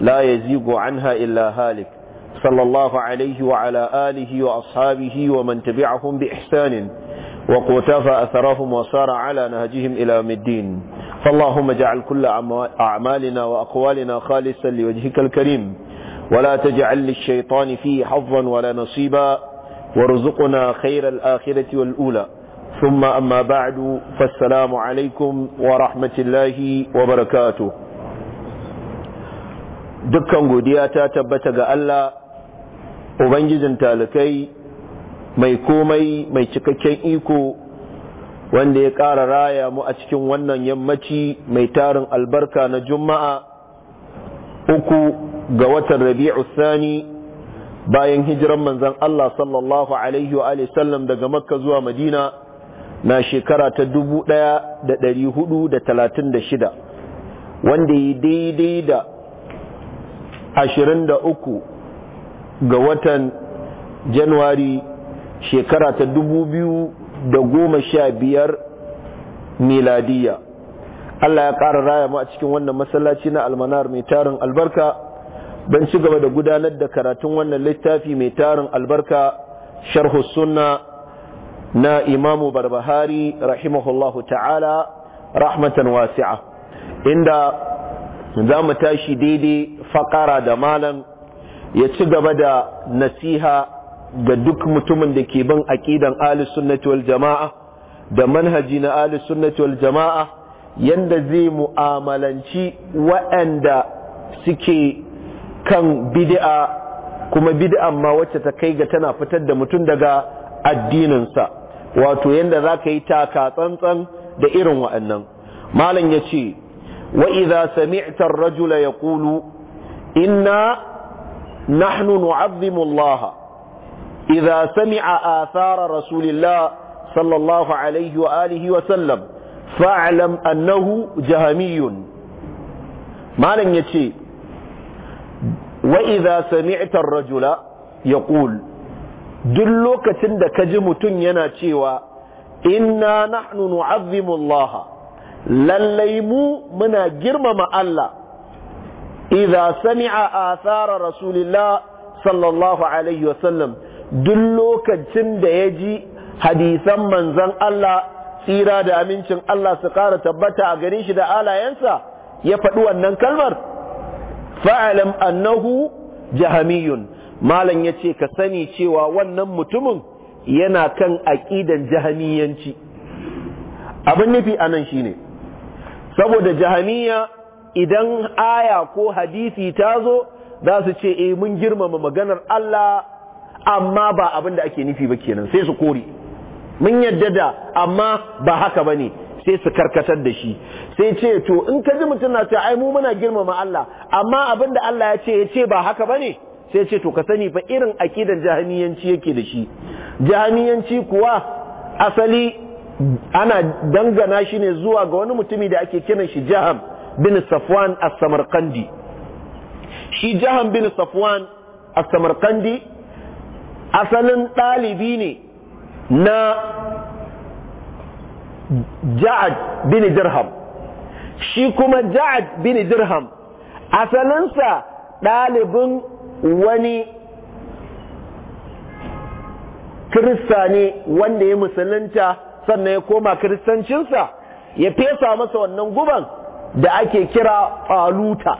لا يزيغ عنها إلا هالك صلى الله عليه وعلى آله وأصحابه ومن تبعهم بإحسان وقوتاف أثرهم وصار على نهجهم إلى الدين فاللهم اجعل كل أعمالنا وأقوالنا خالصا لوجهك الكريم ولا تجعل للشيطان فيه حظا ولا نصيبا وارزقنا خير الآخرة والأولى ثم أما بعد فالسلام عليكم ورحمة الله وبركاته dukkan godiya ta tabbata ga Allah Ubangijin talikai mai komai mai cikakken iko wanda ya ƙara raya mu a cikin wannan yammaci mai tarin albarka na juma'a uku ga watan rabi'u sani bayan hijiran manzan Allah sallallahu alaihi wa sallam daga makka zuwa madina na shekara ta dubu ɗaya da ɗari hudu da talatin da shida, wanda ya daidai da 23 ga watan januwari shekara ta 2015 miladiya Allah ya ƙara raya mu a cikin wannan masallaci na almanar mai tarin albarka ban ci gaba da gudanar da karatun wannan littafi mai tarin albarka sharhu sunna na imamu barbahari rahimahullahu ta'ala rahmatan wasi'a inda za mu tashi daidai fakara da malam ya ci gaba da nasiha ga duk mutumin da ke bin aƙidan ahli sunnati wal jama'a da manhaji na sunnati wal jama'a yadda zai mu'amalanci waɗanda suke kan bid'a kuma bid'an ma wacce ta kai ga tana fitar da mutum daga addininsa wato yadda za ka yi taka tsantsan da irin wa'annan. malam ya ce وإذا سمعت الرجل يقول إنا نحن نعظم الله إذا سمع آثار رسول الله صلى الله عليه وآله وسلم فاعلم أنه جهمي ما لن يتشي وإذا سمعت الرجل يقول دلوك تندك جمتن يناتشي إنا نحن نعظم الله lallai mu muna girmama Allah idza sami'a athara rasulillah sallallahu alaihi wasallam duk lokacin da ya ji hadisan manzon Allah tsira da amincin Allah su ƙara tabbata a garin shi da alayensa ya faɗi wannan kalmar fa'alam annahu jahamiyun malam ya ce ka sani cewa wannan mutumin yana kan aƙidan jahamiyanci abin nufi anan shine saboda jahamiya idan aya ko hadisi ta zo za su ce e mun girmama maganar Allah amma ba abin da ake nufi ba kenan sai su kore mun yadda da amma ba haka bane sai su karkatar da shi sai ce to in ka ji mutum na ce ai mu muna girmama Allah amma abin da Allah ya ce ya ce ba haka bane sai ce to ka sani fa irin akidan jahamiyanci yake da shi jahamiyanci kuwa asali ana dangana shi ne zuwa ga wani mutumi da ake kiran shi jaham bin safwan as-samarqandi shi jaham bin safwan as-samarqandi asalin ɗalibi ne na ja'ad bin dirham shi kuma ja'ad bin dirham asalinsa ɗalibin wani kirista ne wanda ya musulunta sannan ya koma kiristancinsa ya fesa masa wannan guban da ake kira ɓaluta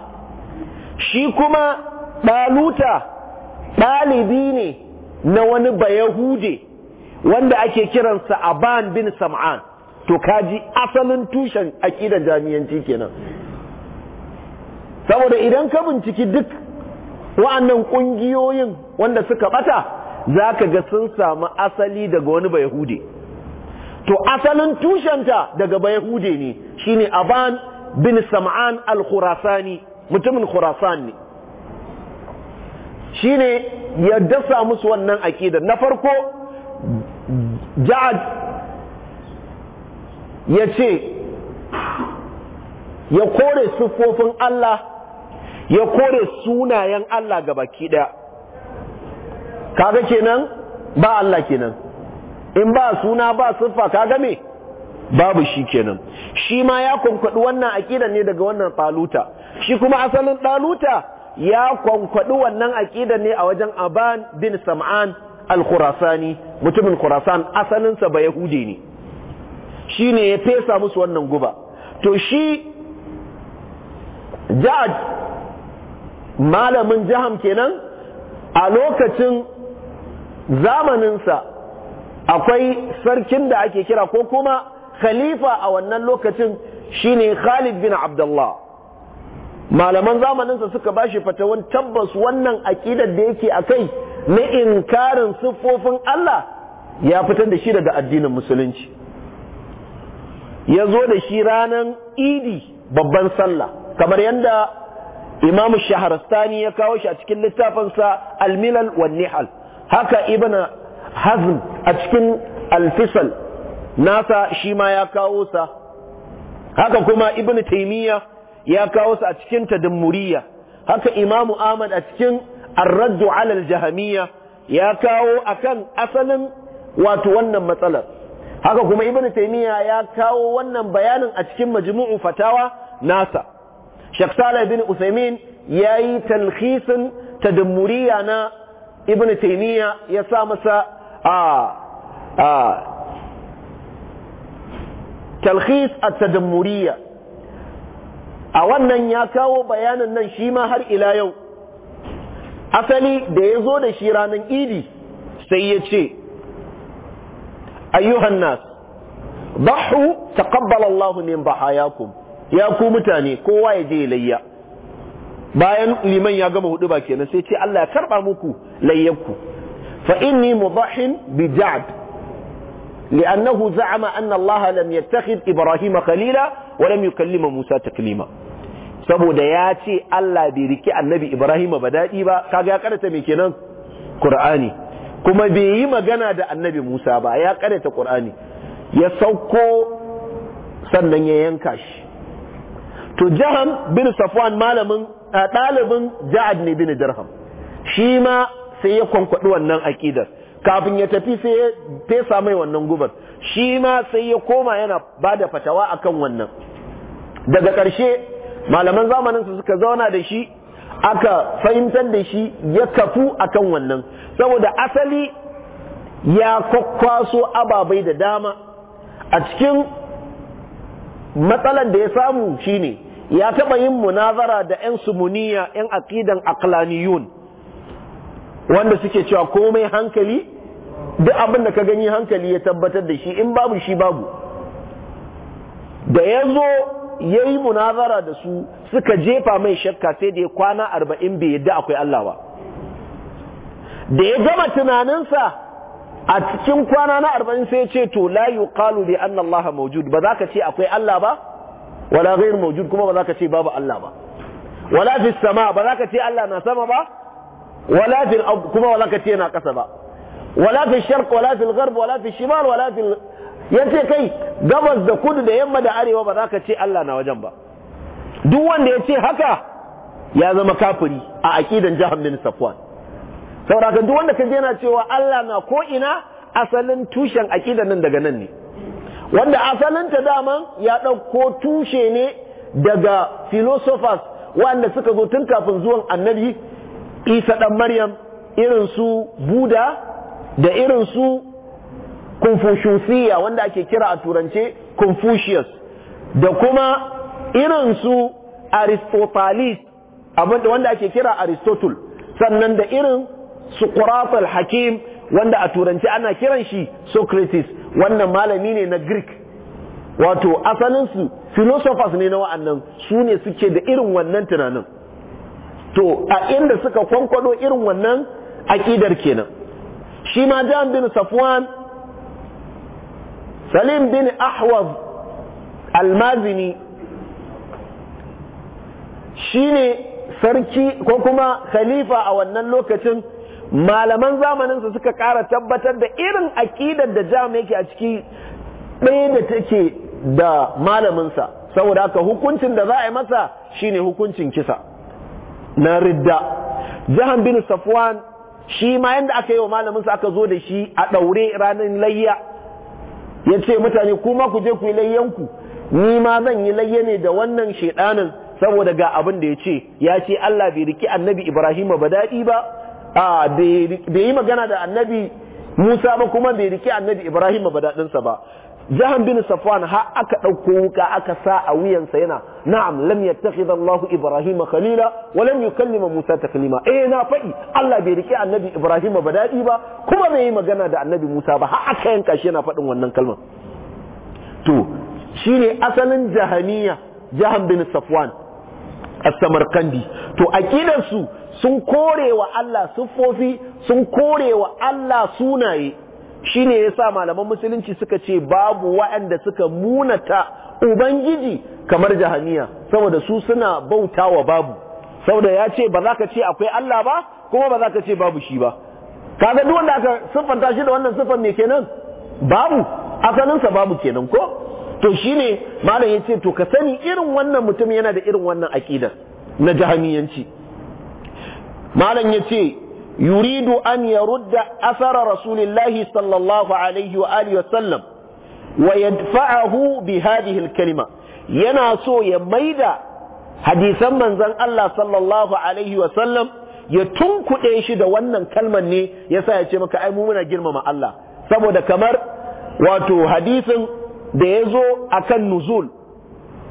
shi kuma ɓaluta ɗalibi ne na wani bayahude wanda ake kiransa aban bin sam'an to kaji asalin tushen aƙidar jami'anci kenan saboda idan ka binciki duk wa'annan ƙungiyoyin wanda suka bata za ka ga sun samu asali daga wani bayahude to asalin tushenta daga bayahude ne shine aban bin sam'an al-khurasani mutumin khurasan ne shine ya dasa musu wannan akida na farko ja'ad ya ce ya kore siffofin Allah ya kore sunayen Allah ga baki ɗaya kaga kenan ba Allah kenan in ba suna ba siffa ka game babu shi kenan shi ma ya kwankwaɗi wannan aƙidan ne daga wannan ɗaluta shi kuma asalin ɗaluta ya kwankwaɗi wannan aƙidan ne a wajen aban bin sam'an al-khurasani mutumin khurasan asalinsa ba yahudi ne shi ne ya fesa musu wannan guba to shi ja'ad malamin jaham kenan a lokacin zamaninsa akwai sarkin da ake kira ko kuma khalifa a wannan lokacin shine Khalid bin Abdullah malaman zamaninsa suka bashi fatawan tabbas wannan aƙidar da yake akai na inkarin siffofin Allah ya fitar da shi daga addinin musulunci ya zo da shi ranar idi babban sallah kamar yadda imamu shaharastani ya kawo shi a cikin littafinsa almilal wa nihal haka ibn hazm a cikin alfisal nasa shi ma ya kawo sa haka kuma ibn taymiya ya kawo sa a cikin tadammuriya haka imamu ahmad a cikin ar-radd ala al ya kawo akan asalin wato wannan matsalar haka kuma ibn taymiya ya kawo wannan bayanin a cikin majmu'u fatawa nasa shaykh salih bin usaymin yayi talkhisin tadammuriya na ibn taymiya ya sa masa a a talkhis at a wannan ya kawo bayanan nan shi ma har ila yau asali da ya zo da shi ranar idi sai ya ce ayyuhan nas ضحوا تقبل الله min ضحاياكم ya ku mutane kowa ya je layya bayan liman ya gama hudu ba kenan sai ce Allah ya karba muku layyaku. Fa inni فإني مضح بجعد لأنه annallaha أن الله لم يتخذ إبراهيم خليلا ولم يكلم موسى تكليما saboda ya ce Allah bai riki annabi Ibrahim ba daɗi ba kaga ya karanta mai kenan Qur'ani kuma bai yi magana da annabi Musa ba ya karanta kur'ani. ya sauko sannan ya yanka shi to Jaham bin Safwan malamin ɗalibin Ja'ad ne bin Dirham shi ma sai ya kwankwaɗi wannan aƙidar kafin ya tafi sai ya fesa mai wannan gubar shi ma sai ya koma yana ba da fatawa akan wannan daga ƙarshe malaman zamanin su suka zauna da shi aka fahimtar da shi ya kafu akan wannan saboda asali ya kwakwaso ababai da dama a cikin matsalar da ya samu shine ya taɓa yin munazara da 'yan sumuniya 'yan aƙidan aklaniyun wanda suke cewa komai hankali duk abin da ka gani hankali ya tabbatar da shi in babu shi babu da ya zo ya yi munazara da su suka jefa mai shakka sai da ya kwana arba'in bai yadda akwai Allah ba da ya gama tunaninsa a cikin kwana na arba'in sai ce to la yuqalu bi an Allah ba za ka ce akwai Allah ba wala gairu mawjud kuma ba za ka ce babu Allah ba wala fi sama ba za ka ce Allah na sama ba wala kuma wala ka ce yana kasa ba wala fil sharq wala fil gharb wala fil yace kai gabas da kudu da yamma da arewa ba za ka ce Allah na wajen ba duk wanda ya ce haka ya zama kafiri a aqidan jahan bin safwan saboda duk wanda kaje yana cewa Allah na ko ina asalin tushen aqidan nan daga nan ne wanda asalin ta daman ya dauko tushe ne daga philosophers wanda suka zo tun kafin zuwan annabi isa ɗan maryam irin su buda da irin su confuciusiya wanda ake kira a turance confucius da kuma irin su aristotelis wanda ake kira aristotle sannan da irin su hakim wanda a turance ana kiran shi socrates wannan malami ne na greek wato asalinsu philosophers ne na wa'annan su ne suke da irin wannan tunanin to a inda suka kwankwado irin wannan aƙidar kenan shi ma jan bin safwan salim bin ahwaz almazini shi ne sarki ko kuma khalifa a wannan lokacin malaman zamaninsa suka ƙara tabbatar da irin aƙidar da jam yake a ciki ɗaya da take da malaminsa saboda haka hukuncin da za a yi masa shine hukuncin kisa na ridda jahan bin safwan shi ma yadda aka yi wa malamin sa aka zo da shi a daure ranar layya ya ce mutane kuma ku je ku yi layyanku ni ma zan yi layya ne da wannan shedanin saboda ga abin da ya ce ya ce Allah bai riki annabi Ibrahim ba daɗi ba a bai yi magana da annabi Musa ba kuma bai riki annabi Ibrahim ba daɗinsa ba jahan bin safwan har aka ɗauko wuka aka sa a wuyansa yana na'am lam yattakhidha Allahu Ibrahima khalila wa lam yukallima Musa taklima eh na faɗi Allah bai rike annabi Ibrahim ba daɗi ba kuma bai yi magana da annabi Musa ba har aka yanka shi yana faɗin wannan kalmar to shine asalin jahaniya jahan bin safwan as-samarkandi to aqidan su sun korewa Allah siffofi sun korewa Allah sunaye shi ne ya sa malaman musulunci suka ce babu waɗanda suka munata ubangiji kamar jahaniya saboda su suna bauta wa babu saboda ya ce ba za ka ce akwai Allah ba kuma ba za ka ce babu shi ba kaga duk wanda aka siffanta shi da wannan siffan me kenan babu asalinsa babu kenan ko to shine malam yace to ka sani irin wannan mutum yana da irin wannan aqidar na jahaniyanci malam yace yuridu an yarudda athara rasulillahi sallallahu alaihi wa sallam wa yadfa'ahu bi hadhihi al-kalima yana so ya maida hadisan manzon Allah sallallahu alaihi wa sallam ya tunkuɗe shi da wannan kalman ne yasa ya ce maka ai muna girmama Allah saboda kamar wato hadisin da ya zo akan nuzul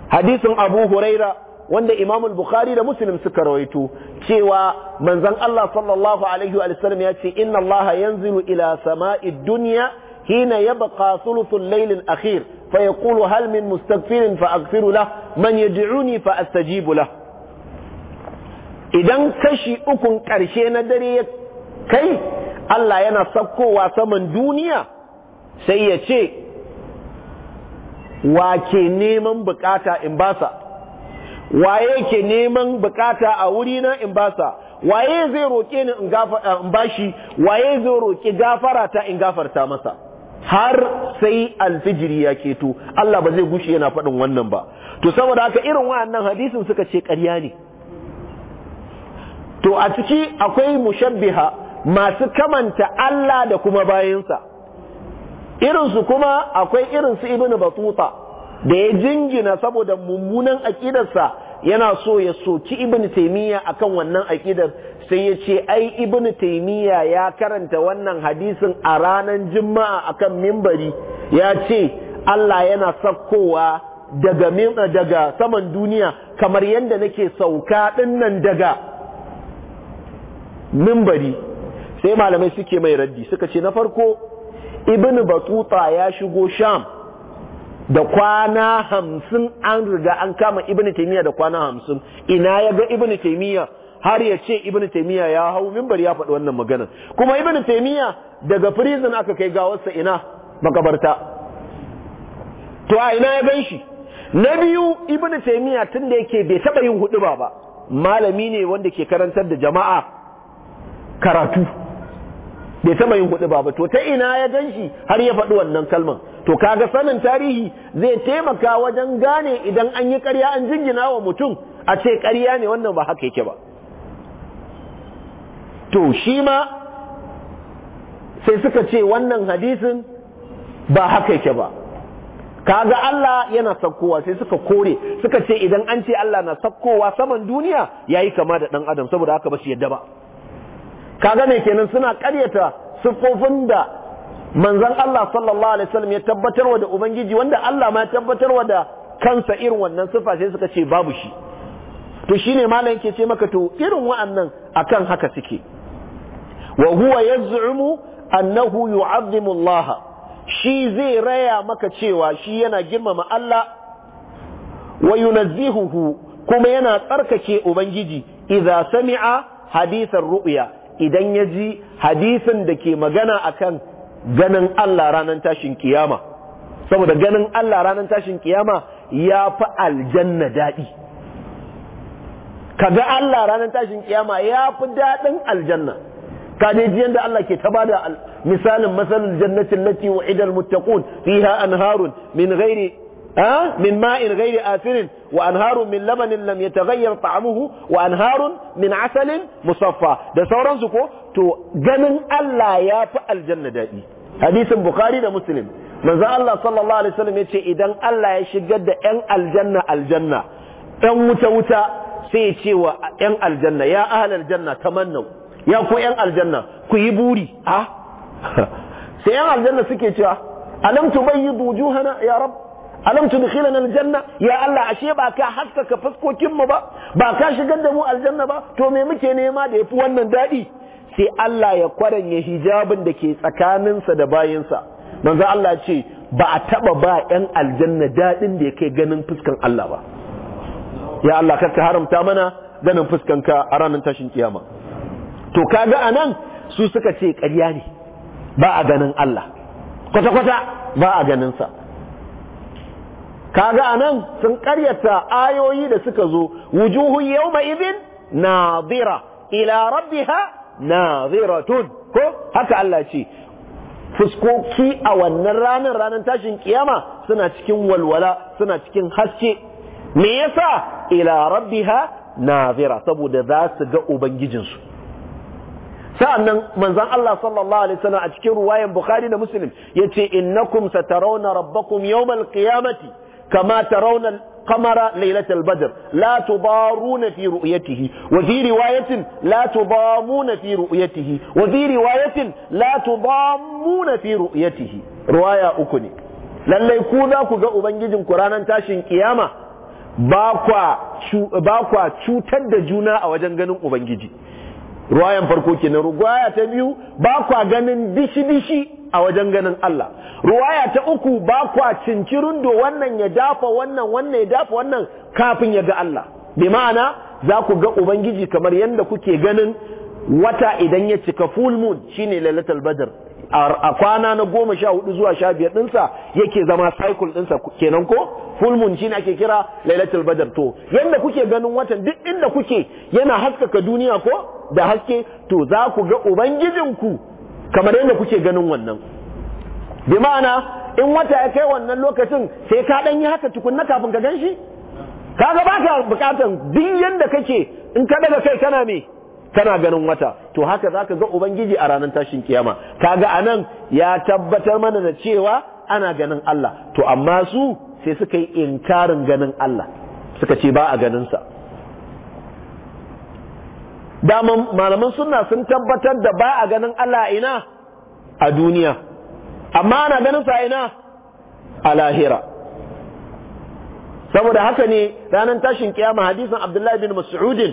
hadisin Abu Huraira wanda imamul Bukhari da Muslim suka rawaito cewa manzon Allah sallallahu alaihi wa sallam ya ce inna Allah yanzilu ila sama'id duniya hina yabqa thuluthul layl al-akhir fa yaqulu hal min mustaghfirin fa aghfiru lah man yad'uni fa astajibu lah idan kashi ukun ƙarshe na dare ya kai Allah yana saukowa saman duniya sai ya ce wa ke neman bukata in basa neman bukata a wurina in basa waye zai roƙe ni eh, in bashi waye zai roƙi gafara ta in gafarta masa har sai alfijiri ya keto Allah ba zai gushi yana faɗin wannan ba to saboda haka irin wa'annan hadisin suka ce ƙarya ne to a ciki akwai mushabbiha masu kamanta Allah da kuma bayansa irinsu kuma akwai irin su ibnu batuta da ya jingina saboda mummunan aƙidarsa yana so ya soki ibn taymiya akan wannan aqidar sai ya ce ai ibn taymiya ya karanta wannan hadisin a ranar juma'a akan mimbari ya ce Allah yana sakkowa daga daga saman duniya kamar yadda nake sauka dinnan daga mimbari sai malamai suke mai raddi suka ce na farko ibn batuta ya shigo sham da kwana hamsin an riga an kama ibn taimiyya da kwana hamsin ina ya ga ibn taimiyya har ya ce ibn taimiyya ya hau mimbar ya faɗi wannan magana kuma ibn taimiyya daga prison aka kai gawarsa ina makabarta to a ina ya ganshi? na biyu ibn taimiyya tun da yake bai taɓa yin huɗuba ba malami ne wanda ke karantar da jama'a karatu bai taɓa yin huɗuba ba to ta ina ya ganshi? har ya faɗi wannan kalmar? to kaga sanin tarihi zai taimaka wajen gane idan an yi ƙarya an jingina wa mutum a ce ƙarya ne wannan ba haka yake ba to shi ma sai suka ce wannan hadisin ba haka yake ba kaga Allah yana sakkowa sai suka kore suka ce idan an ce Allah na sakkowa saman duniya yayi kama da ɗan adam saboda haka ba shi yadda ba kaga ne kenan suna ƙaryata siffofin da manzon Allah sallallahu alaihi wasallam ya wa da ubangiji wanda Allah ma ya tabbatar wa da kansa irin wannan sifa sai suka ce babu shi to shi ne malam yake ce maka to irin wa'annan a kan haka suke wa huwa yaz'umu annahu yu'azzimu Allah shi zai raya maka cewa shi yana girmama Allah wa yunazzihuhu kuma yana tsarkake ubangiji idza sami'a hadisan ru'ya idan ya ji hadisin da ke magana akan ganin Allah ranar tashin kiyama saboda ganin Allah ranar tashin kiyama ya fi aljanna daɗi kaga Allah ranar tashin kiyama ya fi daɗin aljanna ka dai ji yadda Allah ke ta da misalin masalin jannatin lati wa idal muttaqun fiha anharun min ghairi من ماء غير آثر وأنهار من لبن لم يتغير طعمه وأنهار min asalin musaffa da sauransu ko to ganin Allah ya fi aljanna daɗi hadisin bukhari da muslim manzo Allah sallallahu alaihi wasallam yace idan Allah ya shigar da ƴan aljanna aljanna ƴan wuta wuta sai ya ce wa ƴan aljanna ya ahlal janna tamannu ya ku ƴan aljanna ku yi buri a sai ƴan aljanna suke cewa alam tubayyidu wujuhana ya rab alam tudkhilana aljanna ya Allah ashe ba ka haskaka fuskokin mu ba ba ka shigar da mu aljanna ba to me muke nema da yafi wannan daɗi? sai Allah ya kwaranye hijabin da ke tsakaninsa da bayansa manzo Allah ce ba a taba ba ƴan aljanna daɗin da yake ganin fuskan Allah ba ya Allah ka haramta mana ganin fuskan ka a ranar tashin kiyama to kaga anan su suka ce ƙarya ne ba a ganin Allah kwata kwata ba a ganin sa kaga anan sun karyata ayoyi da suka zo wujuhu yawma Na nadira ila ha! naziratun ko haka Allah ce fuskoki a wannan ranar ranar tashin kiyama suna cikin walwala suna cikin haske me yasa ila rabbiha nazira saboda za su ga ubangijinsu sa'annan manzon Allah sallallahu alaihi wasallam a cikin ruwayan Bukhari da Muslim yace innakum satarawna rabbakum yawmal qiyamati kama tarawna قمر ليلة البدر لا تضارون في رؤيته وفي رواية لا تضامون في رؤيته وفي رواية لا تضامون في رؤيته رواية أكني lallai ku za ku ga Ubangijin ku ranar tashin kiyama ba kwa cutar da juna a wajen ganin Ubangiji. Ruwayan farko kenan ruwaya ta biyu ba ganin dishi-dishi a wajen ganin Allah ruwaya ta uku ba kwa cincirundo wannan ya dafa wannan wannan ya dafa wannan kafin ya ga Allah bi ma'ana za ku ga ubangiji kamar yadda kuke ganin wata idan ya cika full moon shine lalatar Badar. a kwana na goma sha hudu zuwa sha biyar ɗinsa yake zama cycle ɗinsa kenan ko full moon shine ake kira lalatar Badar to yadda kuke ganin watan duk inda kuke yana haskaka duniya ko da haske to za ku ga ubangijinku kamar yadda kuke ganin wannan bi ma'ana in wata ya kai wannan lokacin sai ka dan yi haka tukunna kafin ka ganshi kaga ba ka bukatan duk yadda kake in ka daga kai kana me kana ganin wata to haka zaka ga ubangiji a ranar tashin kiyama kaga anan ya tabbatar mana da cewa ana ganin Allah to amma su sai suka yi inkarin ganin Allah suka ce ba a ganin sa daman malaman sunna sun tabbatar da ba a ganin Allah ina a duniya amma ana ganin sa ina a lahira saboda haka ne ranar tashin kiyama hadisin Abdullahi bin Mas'udin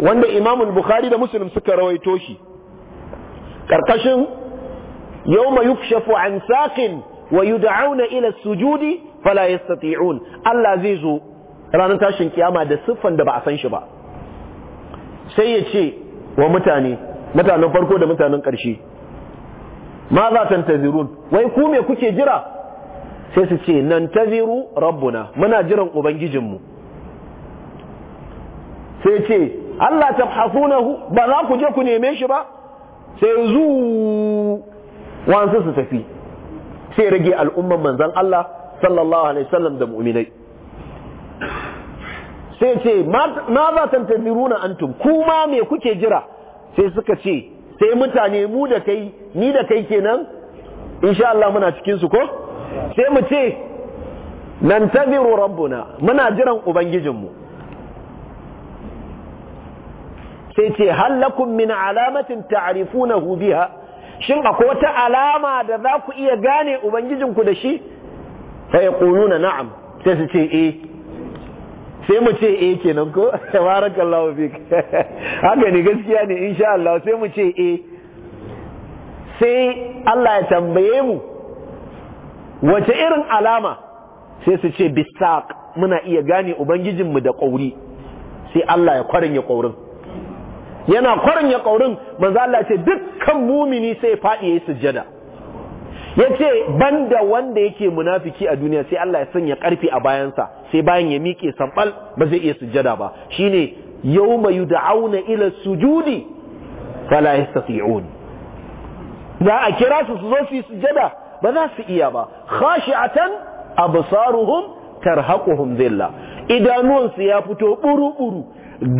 wanda Imam Bukhari da Muslim suka rawaito shi karkashin yawma yukshafu an saqin wa yud'auna ila sujudi fala yastati'un Allah zai zo ranar tashin kiyama da siffan da ba a san shi ba sai ya ce wa mutane mutanen farko da mutanen ƙarshe ma za ta taziru wai ku me kuke jira sai su ce nan taziru rabbuna muna jiran ubangijinmu sai ce Allah tabhasunahu ba za ku je ku neme shi ba sai zu wansu su tafi sai rage al'umman manzan Allah sallallahu alaihi wasallam da mu'minai sai ce ma za ta taziruna antum kuma me kuke jira sai suka ce sai mutane mu da kai ni da kai kenan insha Allah muna cikin su ko sai mu ce nan taziru rabbuna muna jiran ubangijinmu sai ce halakum min alamatin ta'rifunahu biha shin akwai wata alama da za ku iya gane ubangijinku da shi sai ya na'am sai su ce eh sai mu ce eh kenan ko tabarakallahu fik haka ne gaskiya ne insha Allah sai mu ce eh sai Allah ya tambaye mu wace irin alama sai su ce bisaq muna iya gane ubangijinmu da ƙauri sai Allah ya kwarin ya kaurin yana kwarin ya kaurin manzo Allah ce dukkan mumini sai faɗi yayi sujjada ya yace da wanda yake munafiki a duniya sai Allah ya sanya karfi a bayansa sai bayan ya miƙe sambal ba zai iya sujada ba shine yawma auna ila sujudi fala yastati'un za a kira su su zo su yi sujada ba za su iya ba khashi'atan absaruhum tarhaquhum zilla idanuwansu ya fito buru-buru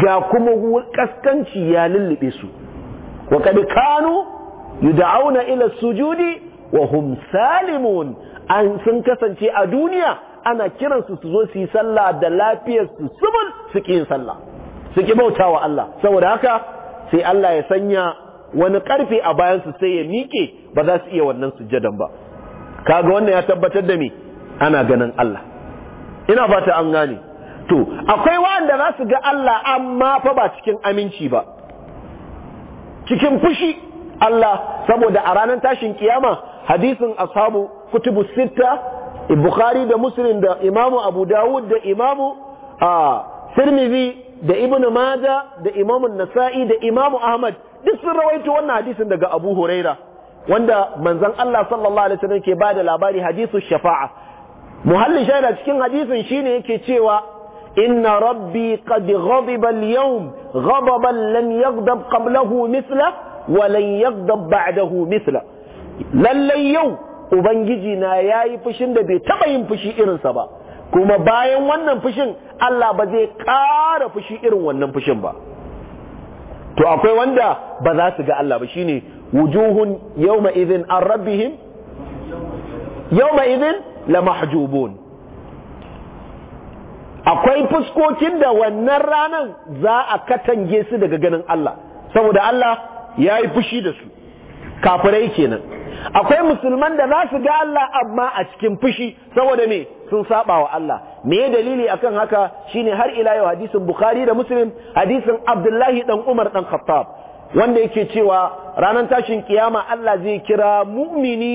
ga kuma kaskanci ya lullube su wa kad kanu yud'auna ila sujudi wa hum salimun an sun kasance a duniya ana kiransu su zo su yi sallah da lafiyar su subul su yin sallah su bauta wa Allah saboda haka sai Allah ya sanya wani karfe a bayan su sai ya miƙe ba za su iya wannan sujjadan ba kaga wannan ya tabbatar da me ana ganin Allah ina fata an gane to akwai wanda za su ga Allah amma fa ba cikin aminci ba cikin fushi Allah saboda a ranar tashin kiyama hadisin ashabu kutubu Sita, bukhari da muslim da imamu abu dawud da imamu a da ibn maja da imamu nasa'i da imamu ahmad duk sun rawaito wannan hadisin daga abu huraira wanda manzon Allah sallallahu alaihi wasallam ke bada labari hadisu shafa'a muhallin shaida cikin hadisin shine yake cewa inna rabbi qad ghadiba al-yawm ghadaban lam yaghdab qablahu mithla wa lan yaghdab ba'dahu mithla lallai yau ubangiji na ya yi fushin da bai taɓa yin fushi irinsa ba kuma bayan wannan fushin Allah ba zai ƙara fushi irin wannan fushin ba to akwai wanda ba za su ga Allah ba shine wujuhun yawma idhin an rabbihim yawma idhin la mahjubun akwai fuskokin da wannan ranan za a katange su daga ganin Allah saboda Allah ya yi fushi da su kafirai kenan akwai musulman da za su ga Allah amma a cikin fushi saboda me sun saba wa Allah me dalili akan haka shine har ila yau hadisin Bukhari da Muslim hadisin Abdullahi dan Umar dan Khattab wanda yake cewa ranar tashin kiyama Allah zai kira mu'mini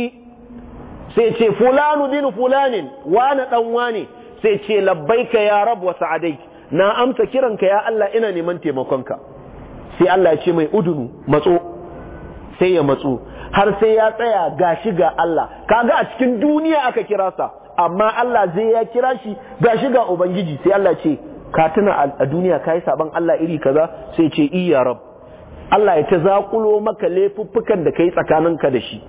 sai ce fulanu bin fulanin wani dan wani sai ce labbaika ya rab wa sa'adai na amsa kiranka ya Allah ina neman taimakonka sai Allah ya ce mai udunu matso sai ya matsu har sai ya tsaya ga shi ga Allah kaga a cikin duniya aka kira sa amma Allah zai ya kira shi gashi ga ubangiji sai Allah ce ka tuna a duniya kai saban Allah iri kaza sai ce i ya rab Allah ya ta zakulo maka laifuffukan da kai tsakaninka da shi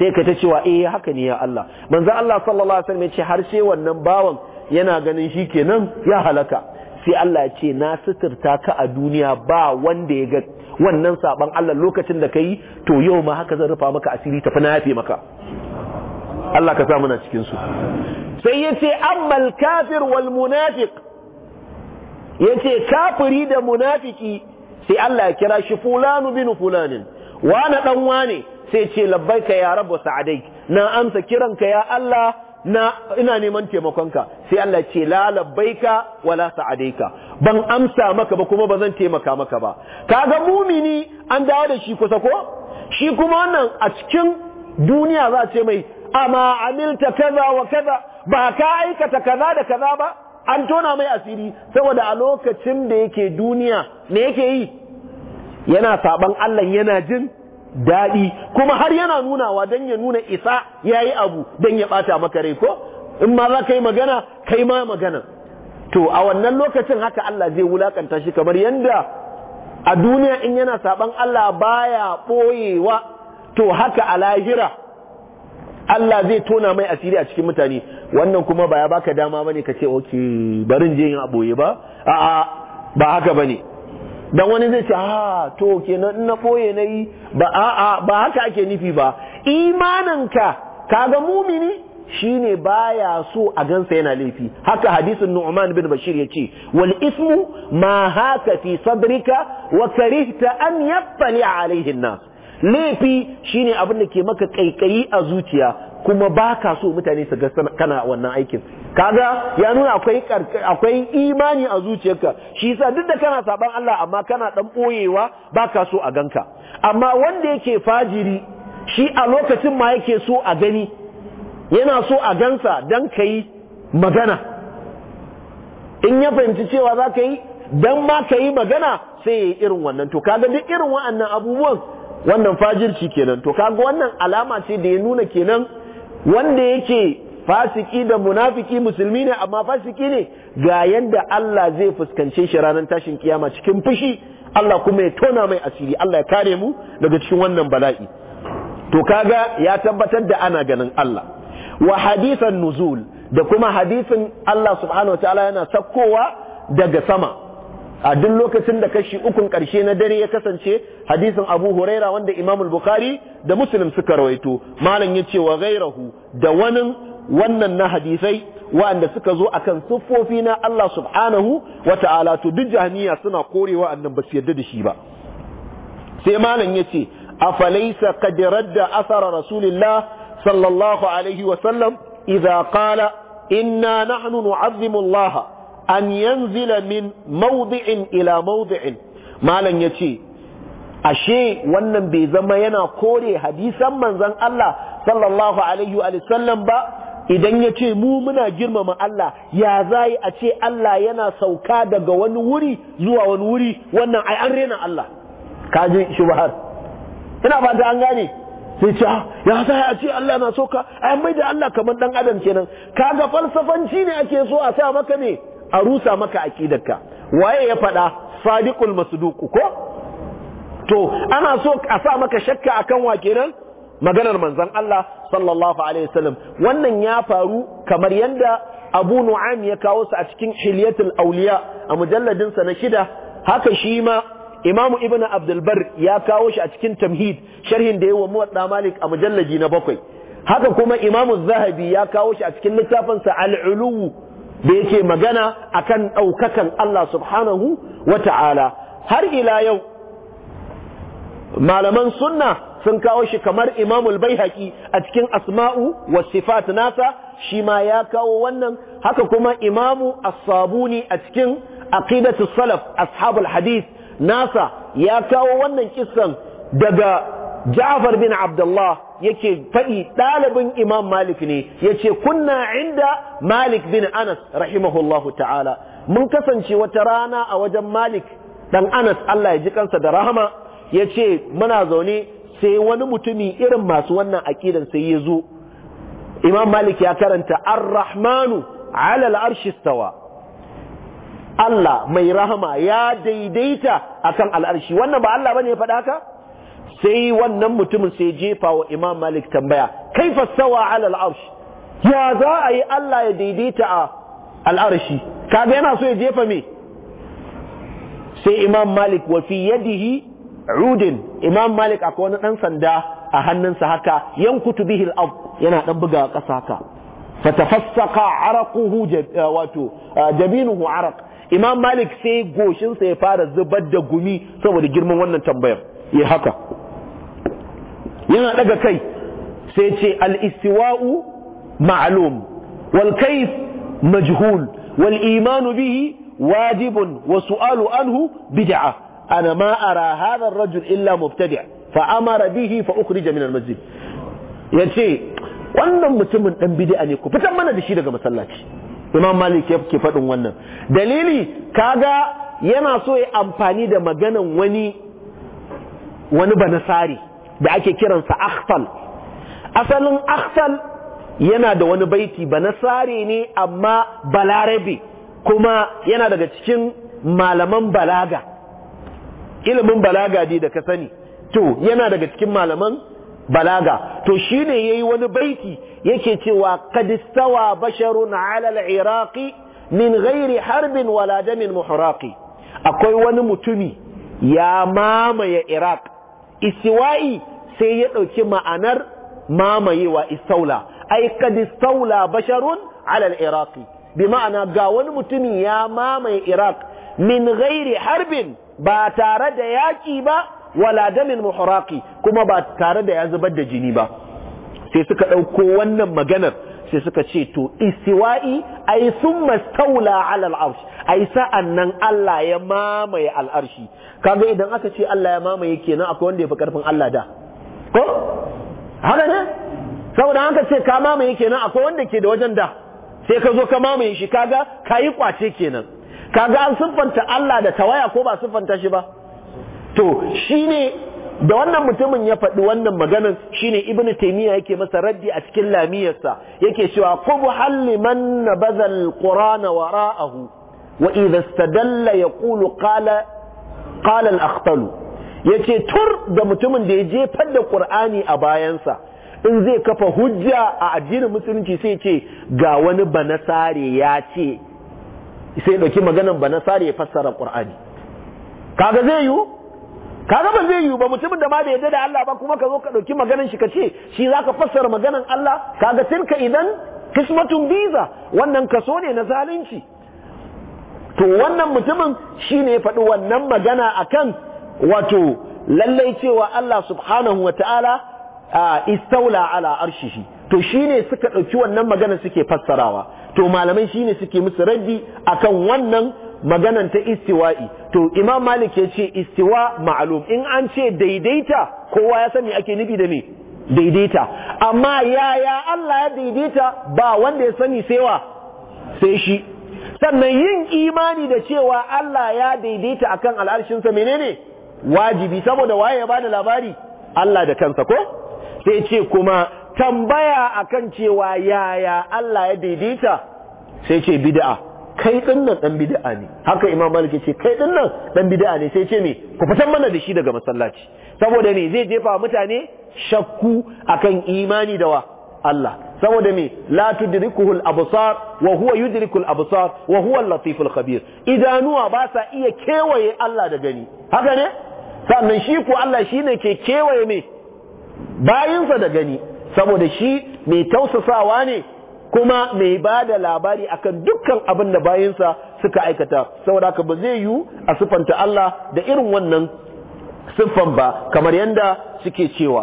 sai ka ta cewa eh haka ne ya Allah manzo Allah sallallahu alaihi wasallam ya ce har sai wannan bawan yana ganin shi kenan ya halaka sai Allah ya ce na suturta ka a duniya ba wanda ya ga wannan saban Allah lokacin da kai to yau ma haka zan rufa maka asiri tafi na yafe maka Allah ka sa muna cikin su sai yace ammal kafir wal munafiq yace kafiri da munafiki sai Allah ya kira shi fulanu bin fulanin na dan wane sai ce labbaika ya rabu sa'adai na amsa kiranka ya Allah na ina neman ka sai Allah ce la labbaika wala sa'adaika ban amsa maka ba kuma bazan taimaka maka ba kaga mumini an dawo da shi kusa ko shi kuma wannan a cikin duniya za ce mai amma amilta kaza wa kaza ba ka aikata kaza da kaza ba an tona mai asiri saboda a lokacin da yake duniya me yake yi yana saban Allah yana jin daɗi kuma har yana nunawa don ya nuna isa ya yi abu don ya ɓata maka rai ko in ma za ka yi magana kai ma magana to a wannan lokacin haka Allah zai wulakanta shi kamar yadda a duniya in yana saban Allah baya ɓoyewa to haka a lahira Allah zai tona mai asiri a cikin mutane wannan kuma ba ya baka dama bane ka ce okay barin je yin a ba a'a ba haka bane dan wani zai ce ha ah, to kenan na boye na yi ba a'a ba haka ake nufi ba imaninka kaga mumini shine baya so a gansa yana laifi haka hadisin Nu'man bin Bashir yace wal ismu ma haka fi sadrika wa karihta an yattali alaihi nas laifi shine abin da ke maka kaikayi a zuciya kuma baka so mutane su ga kana wannan aikin kaga ya nuna akwai akwai imani a zuciyarka shi yasa duk da kana saban Allah amma kana dan boyewa baka so a ganka amma wanda yake fajiri shi a lokacin ma yake so a gani yana so a gansa dan kai magana in ya fahimci cewa za ka yi dan ma ka yi magana sai ya yi irin wannan to kaga duk irin wa'annan abubuwan wannan fajirci kenan to kaga wannan alama ce da ya nuna kenan wanda yake fasiki da munafiki musulmi ne amma fasiki ne ga yadda Allah zai fuskance shi ranar tashin kiyama cikin fushi Allah kuma ya tona mai asiri Allah ya kare mu daga cikin wannan bala'i to kaga ya tabbatar da ana ganin Allah wa hadisan nuzul da kuma hadisin Allah subhanahu wataala yana sakkowa daga sama a duk lokacin da kashi ukun karshe na dare ya kasance hadisin Abu Huraira wanda Imamul Bukhari da Muslim suka rawaito malam ya ce wa gairahu da wani wannan na hadisai waɗanda suka zo akan siffofi na Allah subhanahu wa ta'ala to duk jahmiya suna korewa annan ba su yarda da shi ba sai malam yace afalaysa qad radda asara rasulillah sallallahu alaihi wa sallam idza qala inna nahnu nu'azzimu Allah an yanzila min mawdi'in ila mawdi'in malam yace ashe wannan bai zama yana kore hadisan manzon Allah sallallahu alaihi wa sallam ba idan ya ce mu muna girmama Allah ya zai a ce Allah yana sauka daga wani wuri zuwa wani wuri wannan ai an rena Allah kaji shubhar ina ba an gane sai ce ah, ya zai a ce Allah na sauka ai mai da Allah kamar dan adam kenan kaga falsafanci ne ake so a sa maka ne a rusa maka ka waye ya faɗa sadiqul masduq ko to ana so a sa maka shakka akan wa kenan maganar manzon Allah sallallahu alaihi wasallam wannan ya faru kamar yadda Abu Nu'am ya kawo sa a cikin Hilyatul Awliya a mujalladin na shida haka shi ma Imam Ibn Abdulbar ya kawo shi a cikin Tamhid sharhin da wa Muwatta Malik a mujallaji na bakwai haka kuma Imam Zahabi ya kawo shi a cikin littafinsa sa Al-Ulu da yake magana akan ɗaukakan Allah subhanahu wa ta'ala har ila yau malaman sunna sun kawo shi kamar imamul baihaqi a cikin asma'u wa sifat nasa shi ma ya kawo wannan haka kuma imamu as-sabuni a cikin aqidatu salaf ashabul hadith nasa ya kawo wannan kissan daga Ja'far bin Abdullah yake faɗi ɗalibin Imam Malik ne yace kunna inda Malik bin Anas rahimahullahu ta'ala mun kasance wata rana a wajen Malik dan Anas Allah ya ji kansa da rahama yace muna zaune sai wani mutumi irin masu wannan aqidan sai ya zo imam malik ya karanta ar-rahmanu ala al-arshi stawa Allah mai rahama ya daidaita akan al'arshi wannan ba Allah bane ya faɗa haka sai wannan mutumin sai jefa wa imam malik tambaya kaifa stawa ala al ya za a yi Allah ya daidaita a al'arshi kaga yana so ya jefa me sai imam malik wa fi yadihi rudin imam malik akwai wani dan sanda a hannunsa haka yankutu bihi al-ab yana dan buga kasa haka fatafassaka araquhu eh, wato eh, jabinuhu araq imam malik sai goshinsa ya fara zubar da gumi saboda girman wannan tambayar ya haka yana daga kai sai ce al-istiwa'u ma'lum wal kayf majhul wal iman bihi wajibun wa su'alu anhu bid'ah ana ma ara illa mubtadi' fa amara bihi fa ukhrija yace wannan mutumin dan bid'a ne ku fitar mana da shi daga masallaci imam malik ya ke faɗin wannan dalili kaga yana so ya amfani da maganan wani wani banasari da ake kiransa akhtal asalin akhtal yana da wani baiti banasari ne amma balarabe kuma yana daga cikin malaman balaga ilimin balaga dai da ka sani to yana daga cikin malaman balaga to shine yayi wani baiti yake cewa qad istawa basharun ala al-iraqi min ghairi harbin wala damin muhraqi akwai wani mutumi ya mamaye iraq istiwa'i sai ya dauki ma'anar mamayewa istaula ai qad basharun ala al-iraqi bi ma'ana ga wani mutumi ya mamaye iraq min ghairi harbin ba tare da yaƙi ba wala damin muhraqi kuma ba tare da ya zubar da jini ba sai suka ɗauko wannan maganar sai suka ce to istiwa'i ai sun staula ala al-arsh ai sa'an nan Allah ya mamaye al'arshi. kaga idan aka ce Allah ya mamaye kenan akwai wanda ya fi karfin Allah da ko haka ne saboda haka ce ka mamaye kenan akwai wanda ke da wajen da sai ka zo ka mamaye shi kaga kayi kwace kenan kaga an siffanta Allah da tawaya ko ba siffanta shi ba to shine da wannan mutumin ya faɗi wannan maganan shine ibn taymiya yake masa raddi a cikin lamiyarsa yake cewa qubu halliman nabadha alqur'ana wara'ahu wa idha istadalla yaqulu qala qala al-akhtalu yace tur da mutumin da ya jefar da qur'ani a bayansa in zai kafa hujja a addinin musulunci sai ce ga wani banasare ya ce sai ya ɗauki maganan ba nasari ya fassara qur'ani kaga zai yiwu kaga ba zai yiwu ba mutumin da ma da yadda da Allah ba kuma ka zo ka ɗauki maganan shi ka ce shi zaka fassara maganan Allah kaga tilka idan kismatun biza wannan kaso ne na zalunci to wannan mutumin shine ne ya faɗi wannan magana akan wato lallai cewa Allah subhanahu wa ta'ala istaula ala arshihi to shine suka ɗauki wannan magana suke fassarawa to malamai shine suke musu raddi akan wannan maganan ta istiwa'i to imam malik ya ce istiwa ma'lum in an ce daidaita kowa ya sani ake nufi da me daidaita amma yaya Allah ya daidaita ba wanda ya sani sai wa sai shi sannan yin imani da cewa Allah ya daidaita akan al'arshinsa menene wajibi saboda waye ya bada labari Allah da kansa ko sai ce kuma tambaya akan cewa yaya Allah ya daidaita sai ce bid'a kai din nan dan bid'a ne haka Imam Malik ce kai din nan dan bid'a ne sai ce me ku fitan mana da shi daga masallaci saboda me zai jefa mutane shakku akan imani da wa Allah saboda me la tudrikuhu al-absar wa huwa yudriku al-absar wa huwa al-latif al-khabir idanuwa ba sa iya kewaye Allah da gani haka ne sannan shi ku Allah shine ke kewaye me bayinsa da gani saboda shi mai tausasawa ne kuma mai ba da labari akan dukkan abin da bayinsa suka aikata saboda haka ba zai yiwu a siffanta Allah da irin wannan siffan ba kamar yadda suke cewa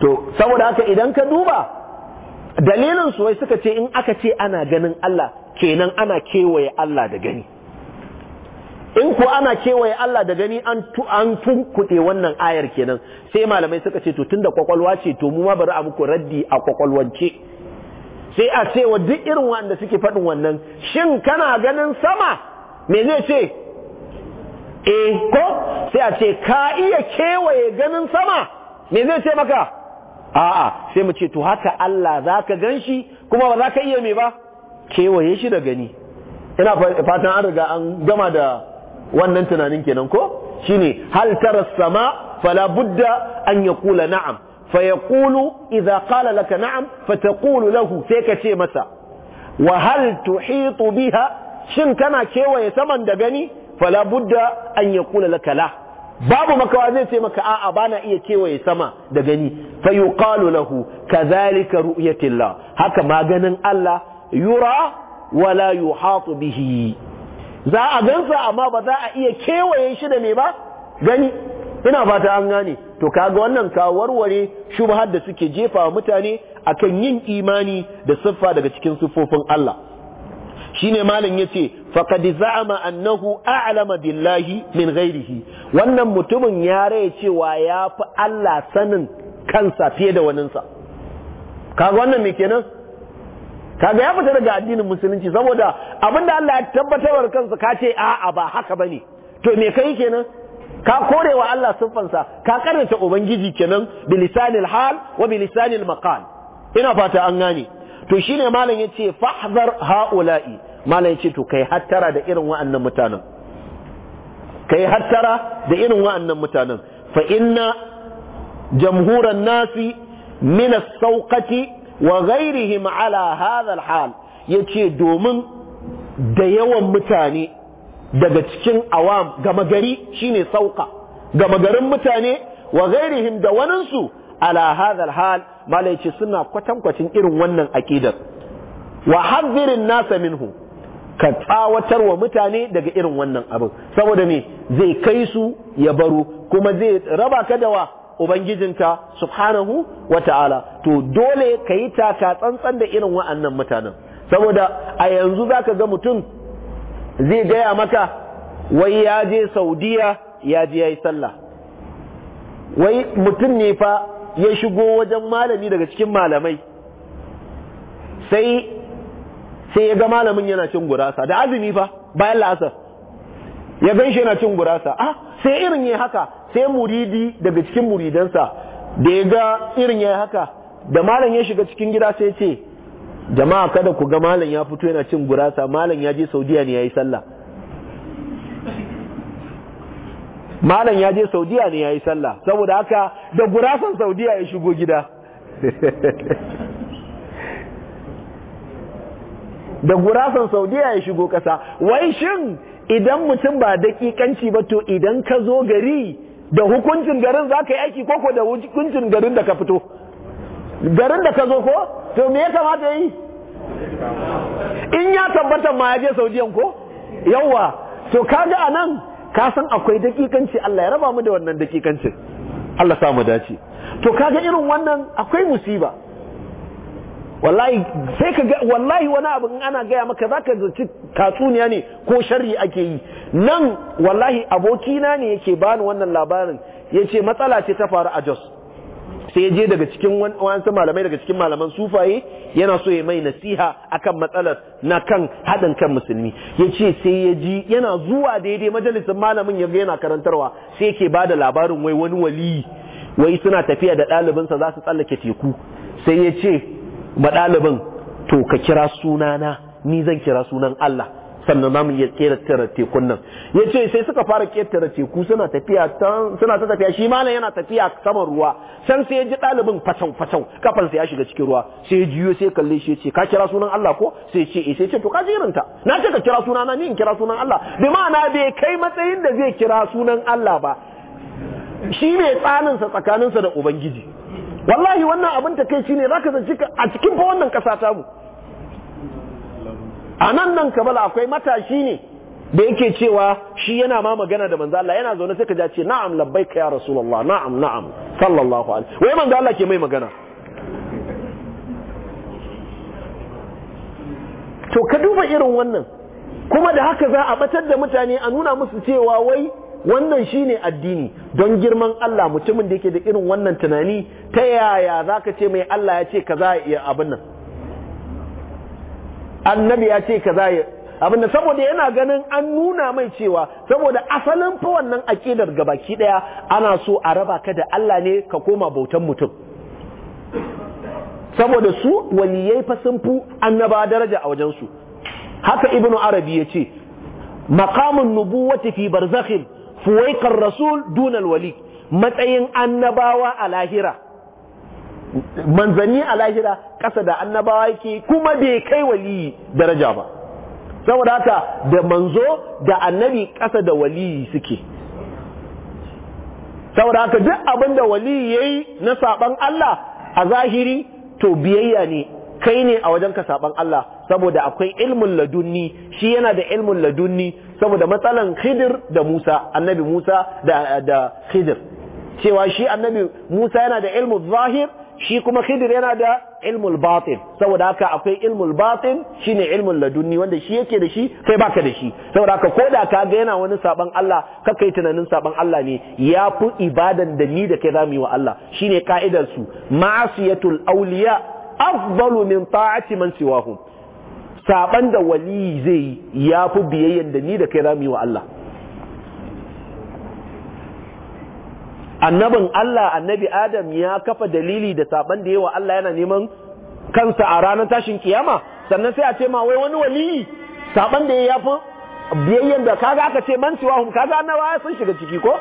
to saboda haka idan ka duba dalilin su wai suka ce in aka ce ana ganin Allah kenan ana kewaye Allah da gani in ku ana kewaye Allah da gani an an tunkuɗe wannan ayar kenan sai malamai suka ce to tunda kwakwalwa ce to mu ma bari a muku raddi a kwakwalwance sai a ce wa duk irin wanda suke faɗin wannan shin kana ganin sama me zai ce eh ko sai a ce ka iya kewaye ganin sama me zai ce maka a'a sai mu ce to haka Allah zaka ganshi kuma ba za ka iya me ba kewaye shi da gani ina fatan an riga an gama da wannan tunanin kenan ko shine hal tara sama fala budda an yaqula na'am fayaqulu idza qala laka na'am fa fataqulu lahu sai ka ce masa wa hal tuhitu biha shin kana kewaye saman da gani fala budda an yaqula laka la babu makawa zai ce maka a'a bana iya kewaye sama da gani Fa fayuqalu lahu kadhalika ru'yatillah haka maganin Allah yura wala yuhatu bihi za a gansa amma ba za a iya kewaye shi da me ba gani ina fata an gane to kaga wannan ka warware shubhar da suke jefa wa mutane akan yin imani da siffa daga cikin siffofin Allah shine malam yace faqad za'ama annahu a'lama billahi min ghairihi wannan mutumin ya raye cewa ya fi Allah sanin kansa fiye da waninsa kaga wannan me kenan kaga ya fita daga addinin musulunci saboda abinda Allah ya tabbatarwar kansa ka ce a'a ba haka bane to me kai kenan ka korewa Allah siffansa ka karanta ubangiji kenan bi hal wa bi lisanil maqal ina fata an gane to shine malam yace fahzar haula'i malam yace to kai hattara da irin wa'annan mutanen kai hattara da irin wa'annan mutanen fa inna jamhuran nasi min as sawqati wa ghairihim ala hadha yace domin da yawan mutane daga cikin awam gama gari shine sauka gama garin mutane wa ghairihim da waninsu ala hadha hal. malai suna kwatankwacin irin wannan aqidar wa hadhirin nasa minhu ka tsawatar wa mutane daga irin wannan abin saboda me zai kai su ya baro kuma zai raba ka da wa ubangijinta subhanahu wata'ala to dole ka yi taka tsantsan da irin wa'annan mutanen saboda a yanzu za ka ga mutum zai gaya maka wai ya je saudiya ya je ya yi sallah wai mutum ne fa ya shigo wajen malami daga cikin malamai sai ya ga malamin yana cin gurasa da azumi fa bayan la'asar ya gan shi yana cin gurasa a ah, sai irin ya haka sai muridi daga cikin muridansa da ya ga irin ya haka da malam ya shiga cikin gida sai ce jama'a kada ku ga malam ya fito yana cin gurasa malam ya je saudiya ne ya yi sallah malam ya je saudiya ne ya yi sallah saboda haka da gurasan saudiya ya shigo gida da gurasan saudiya ya shigo kasa wai shin idan mutum ba daƙiƙanci ba to idan ka zo gari da hukuncin garin za ka yi aiki koko da hukuncin garin da ka fito garin da ka zo ko to me ya kamata yi in ya tabbata ma ya je saudiyan ko yawwa to kaga a nan ka san akwai daƙiƙanci Allah ya raba mu da wannan daƙiƙancin? Allah sa mu dace to kaga irin wannan akwai musiba wallahi wani abu in ana gaya maka za ka zaci tatsuniya ne ko sharri ake yi nan wallahi abokina ne yake bani wannan labarin yace matsala ce ta faru a Jos sai ya je daga cikin wasu malamai daga cikin malaman sufaye yana so ya mai nasiha akan matsalar na kan haɗin kan musulmi ya ce sai ya ji yana zuwa daidai majalisar malamin ya yana karantarwa sai yake ba da labarin wai wani wali wai suna tafiya da ɗalibinsa za su tsallake teku sai ya ce maɗalibin to ka kira sunana ni zan kira sunan Allah sannan za mu iya ƙetare tekun nan ya ce sai suka fara ƙetare teku suna tafiya suna ta tafiya shi malam yana tafiya saman ruwa San sai ya ji ɗalibin facau facau kafansa ya shiga cikin ruwa sai ya juyo sai kalle shi ya ce ka kira sunan Allah ko sai ce eh, sai ce to ka jirinta na ce ka kira sunana ni in kira sunan Allah bi ma'ana bai kai matsayin da zai kira sunan Allah ba shi ne tsaninsa tsakaninsa da ubangiji wallahi wannan abin ta kai shine zaka zanci a cikin fa wannan kasa ta mu a nan nan kabala akwai matashi ne da yake cewa shi yana ma magana da manzo Allah yana zaune sai ka ja ce na'am ka ya rasulullah na'am na'am sallallahu alaihi wai manzo Allah ke mai magana to ka duba irin wannan kuma da haka za a batar da mutane a nuna musu cewa wai wannan shine addini don girman Allah mutumin da yake da irin wannan tunani ta yaya za ka ce mai Allah ya ce ka za a iya abin nan annabi ya ce ka za a abin nan saboda yana ganin an nuna mai cewa saboda asalin fa wannan akidar gabaki ɗaya, ana so a raba ka da Allah ne ka koma bautan mutum saboda su waliyai fa sun fu annaba daraja a wajensu haka ibnu arabi ya ce maqamun nubuwati fi barzakhin fuwaikar rasul dunal wali matsayin annabawa a lahira manzanni a lahira ƙasa da annabawa yake kuma bai kai wali daraja ba saboda haka da manzo da annabi ƙasa da waliyi suke saboda haka duk abin da waliyi yayi na saban Allah a zahiri to biyayya ne kai ne a wajen ka saban Allah saboda akwai ilmin ladunni shi yana da ilmin ladunni saboda matsalan khidir da musa annabi musa da hidir khidir cewa shi annabi musa yana da ilmu zahir shi kuma khidir yana da ilmul batin saboda haka akwai ilmul batin shine ilmul ladunni wanda shi yake da shi kai baka da shi saboda haka ko da ka ga yana wani saban Allah ka kai tunanin saban Allah ne ya fi ibadan da ni da kai zamu yi wa Allah shine ka'idar su ma'asiyatul awliya afdalu min ta'ati man siwahum saban da waliyi zai yi ya fi biyayyar da ni da kai rami wa Allah annabin Allah annabi Adam ya kafa dalili da saban da yawa Allah yana neman kansa a ranar tashin kiyama sannan sai a ce ma wai wani wali saban da ya fi biyayyar da kaga aka ce man siwa kaga annabawa sun shiga ciki ko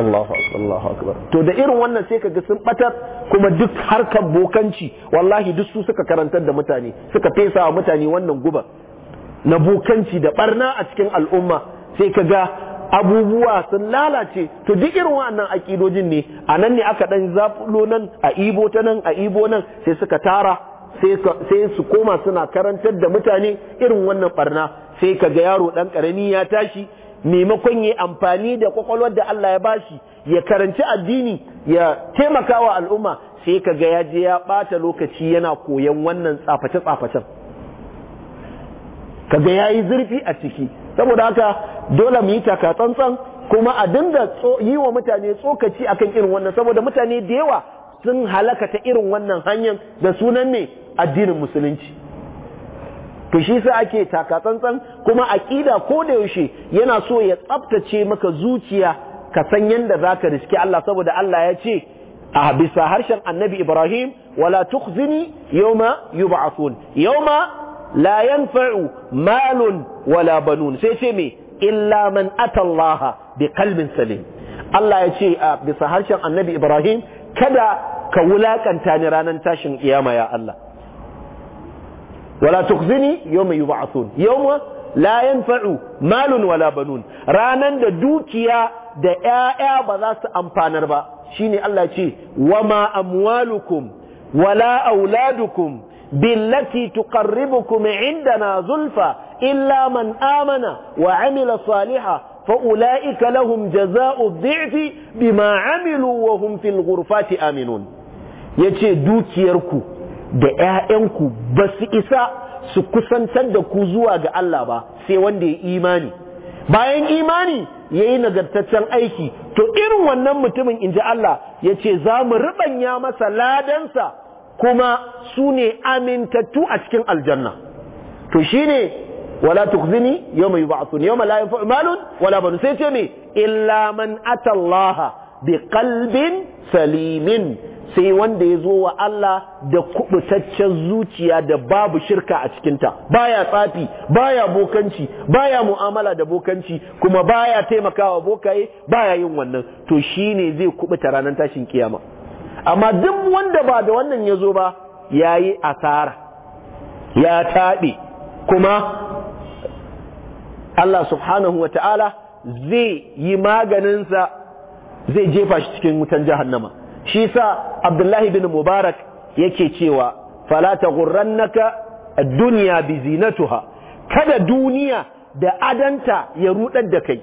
Allahu akbar Allahu akbar to da irin wannan sai kaga sun batar kuma duk harkar bokanci wallahi duk su suka karantar da mutane suka fesa wa mutane wannan guba na bokanci da barna a cikin al'umma sai kaga abubuwa sun lalace to duk irin wannan akidojin ne a nan ne aka dan zafulo nan a ibo ta nan a ibo nan sai suka tara sai su koma suna karantar da mutane irin wannan barna sai kaga yaro dan karami ya tashi maimakon ya amfani da kwakwalwar da Allah ya bashi ya karanci addini ya taimaka wa al'umma sai ka ga ya je ya ɓata lokaci yana koyan wannan tsaface-tsafacen ka ga ya yi zurfi a ciki saboda haka dole mu yi taka tsantsan kuma a dinga yi wa mutane tsokaci akan irin wannan saboda mutane da yawa sun halaka ta irin wannan hanyar da sunan ne addinin musulunci to shi sa ake tsantsan, kuma aƙida ko da yaushe yana so ya tsaftace maka zuciya ka san yanda zaka riski Allah saboda Allah ya ce a bisa harshen Annabi Ibrahim wala tukhzini yawma yub'athun yawma la yanfa'u malun wala banun sai ce me illa man atallaha bi qalbin salim Allah ya ce a bisa harshen Annabi Ibrahim kada ka wulakanta ni ranar tashin kiyama ya Allah wala tukzini yawma yub'athun yawma layan yanfa'u malun wala banun ranar da dukiya da ƴaƴa ba za su amfanar ba shine Allah ce wama amwalukum wala auladukum billati inda na zulfa illa man amana wa amila salihan فأولئك lahum جزاء الضعف بما عملوا وهم في الغرفات آمنون يتشي دوكيركو da 'ya'yanku ba su isa su kusantar da ku zuwa ga Allah ba sai wanda ya imani bayan imani ya yi nagartaccen aiki to irin wannan mutumin in ji Allah ya ce za mu ya masa ladansa kuma su ne amintattu a cikin aljanna to shi ne wala tukzini yau mai ne, yau layin fa'umalun wala banu sai ce me illa man atallaha bi kalbin salimin sai wanda ya zo wa Allah da kubutaccen zuciya da babu shirka a cikinta baya tsafi baya bokanci baya mu'amala da bokanci kuma baya taimakawa bokaye baya yin wannan to shine zai kubuta ranar tashin kiyama amma duk wanda ba da wannan ya zo ba ya yi asara ya taɓe kuma Allah subhanahu wa ta'ala zai yi maganinsa zai jefa shi cikin wutan jahannama shi sa abdullahi bin mubarak yake cewa fala taghurrannaka ad-dunya bi zinatuha kada duniya da adanta ya rudar da kai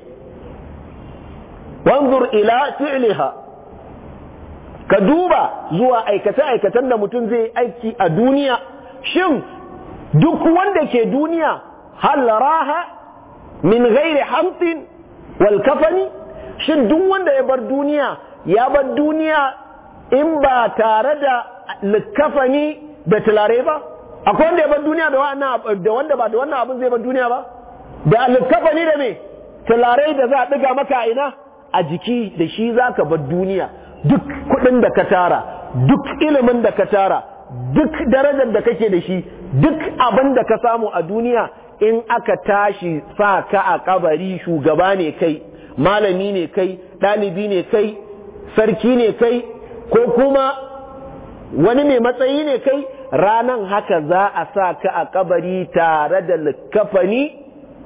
wanzur ila fi'liha ka duba zuwa aikace-aikacen da mutum zai aiki a duniya shin duk wanda ke duniya halaraha min ghairi hamtin wal kafani shin duk wanda ya bar duniya ya bar duniya in ba tare da likafani da tulare ba akwai wanda ya bar duniya da wanda ba da wannan abin zai bar duniya ba da likafani da me tulare da za a diga maka ina a jiki da shi za ka bar duniya duk kuɗin da ka tara duk ilimin da ka tara duk darajar da kake da shi duk abin da ka samu a duniya in aka tashi sa ka a kabari shugaba ne kai malami ne kai ɗalibi ne kai sarki ne kai ko kuma wani mai matsayi ne kai ranan haka za a sa ka a kabari tare da likafani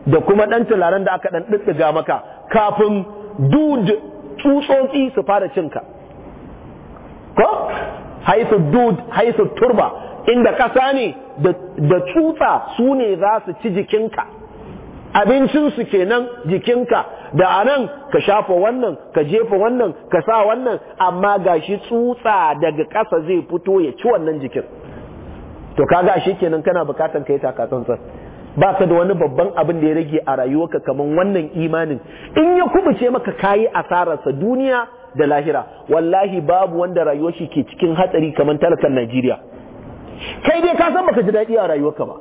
da kuma ɗan tularen da aka ɗan ɗiɗɗiga maka kafin dud tsutsotsi su fara cinka ko haisu dud haisu turba inda ƙasa ne da tsutsa su ne za su ci jikinka abincin abincinsu kenan jikinka da anan ka shafa wannan ka jefa wannan ka sa wannan amma gashi tsutsa daga ƙasa zai fito ya ci wannan jikin to kaga shi kenan kana bukatan kai yi tsantsan ba ka da wani babban abin da ya rage a rayuwarka kamar wannan imanin in ya kubuce maka kayi asararsa duniya da lahira wallahi babu wanda rayuwar shi ke cikin hatsari kamar talakan Najeriya kai dai ka san baka ji daɗi a rayuwarka ba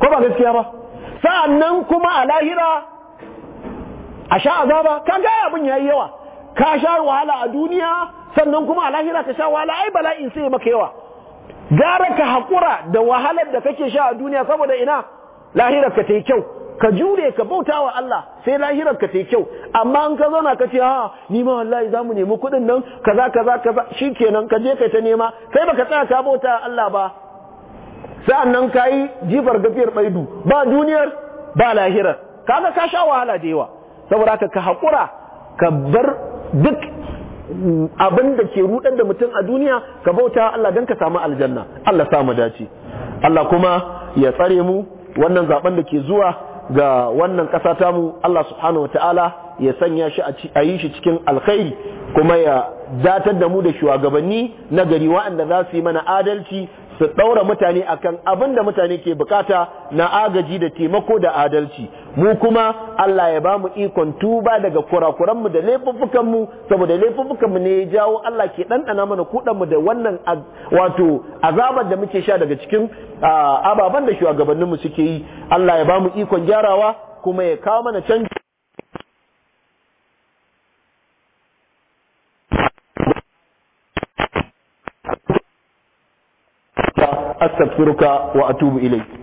ko ba gaskiya ba sa'annan kuma a lahira a sha azaba ka ga abin yayi yawa ka sha wahala a duniya sannan kuma a lahira ka sha wahala ai bala'in sai maka yawa gara ka haƙura da wahalar da kake sha a duniya saboda ina lahirar ka ta yi kyau ka jure ka bauta wa Allah sai lahirar ka ta yi kyau amma in ka zauna ka ce ha ni ma wallahi za mu nemi kuɗin nan kaza kaza kaza shikenan ka je kai ta nema sai baka tsaya ka bauta wa Allah ba sa'an nan ka yi jifar gafiyar baidu ba duniyar ba lahirar kaga ka sha wahala da yawa saboda ka haƙura ka bar duk abin da ke rudan da mutum a duniya ka bauta Allah don ka samu aljanna Allah samu dace Allah kuma ya tsare mu wannan zaben da ke zuwa ga wannan ƙasa mu. Allah subhanahu wataala ya sanya shi a yi shi cikin alkhairi kuma ya datar da mu da shugabanni na gari waɗanda za su yi mana adalci su ɗaura mutane akan abin da mutane ke bukata na agaji da taimako da adalci mu kuma Allah ya ba mu ikon tuba daga kurakuranmu da laifuffukanmu saboda laifuffukanmu ne ya jawo Allah ke ɗanɗana mana kuɗanmu da wannan wato azabar da muke sha daga cikin ababen da shugabanninmu suke yi Allah ya ba mu ikon gyarawa kuma ya kawo mana canji ta astaghfiruka wa atubu ilayk